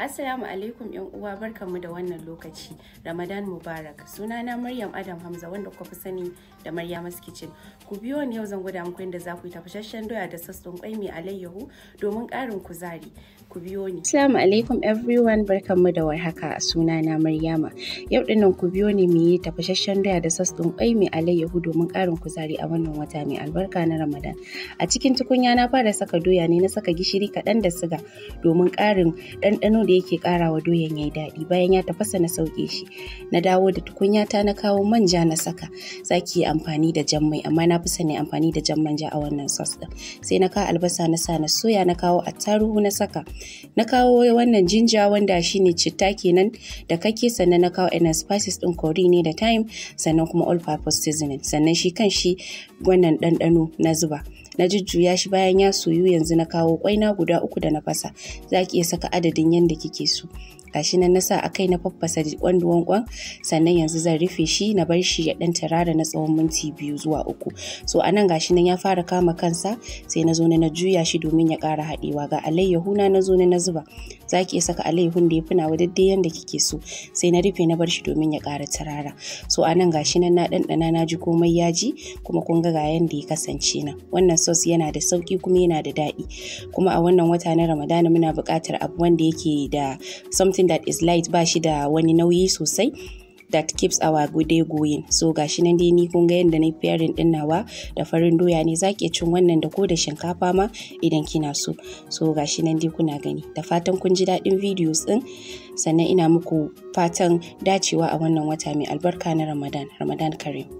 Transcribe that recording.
Assalamu alaikum yan uwa barkanmu da wannan lokaci. Ramadan Mubarak. Sunana Maryam Adam Hamza wanda kuka fi sani da Maryam Kitchen. Ku biyo ni yau zan gwada muku yadda za ku yi tafasasshen doya da sassan kwai mai alayyahu domin ƙarin kuzari. Ku biyo ni. Assalamu alaikum everyone barkanmu da warhaka. Sunana Maryama. Yau din nan ku biyo ni mu yi tafasasshen doya da sassan kwai mai alayyahu domin ƙarin kuzari a wannan wata mai albarka na Ramadan. A cikin tukunya na fara saka doya ne na saka gishiri kaɗan da siga domin ƙarin ɗanɗano da yake karawa wa doyan yi daɗi bayan ya tafasa na sauke shi na dawo da tukunyata na kawo manja na saka zaki yi amfani da jan mai amma na fi sani amfani da jan manja a wannan sauce din sai na kawo albasa na sa na soya na kawo attaruhu na saka na kawo wannan jinja wanda shine citta kenan da kake sannan na kawo ina spices din curry ne da thyme sannan kuma all purpose seasoning sannan shi kan shi wannan ɗanɗano na zuba na jujjuya shi bayan ya soyu yanzu na kawo kwaina guda uku da na fasa za ki iya saka adadin yadda kike so gashi nan na sa a kai na faffasa kwan sannan yanzu zan rufe shi na bar shi ya dan tarara na tsawon minti biyu zuwa uku so a nan gashi nan ya fara kama kansa sai na zo na juya shi domin ya kara haɗewa ga alayyahu na na zo na zuba za ki iya saka alayyahun da ya fi nawa daidai yanda kike so sai na rufe na bar shi domin ya kara tarara, so a nan gashi nan na ɗanɗana na ji komai ya ji kuma kun ga ga yanda ya kasance na, wannan sauce yana da sauki kuma yana da daɗi kuma a wannan wata na ramadana muna buƙatar abu wanda yake da something something that is light ba shi da wani nauyi sosai that keeps our good day going so gashi nan dai ni kun ga yadda na pairing din nawa da farin doya ne zaki cin wannan da ko da shinkafa ma idan kina so so gashi nan dai kuna gani da fatan kun ji daɗin videos din sannan ina muku fatan dacewa a wannan wata mai albarka na Ramadan Ramadan Karim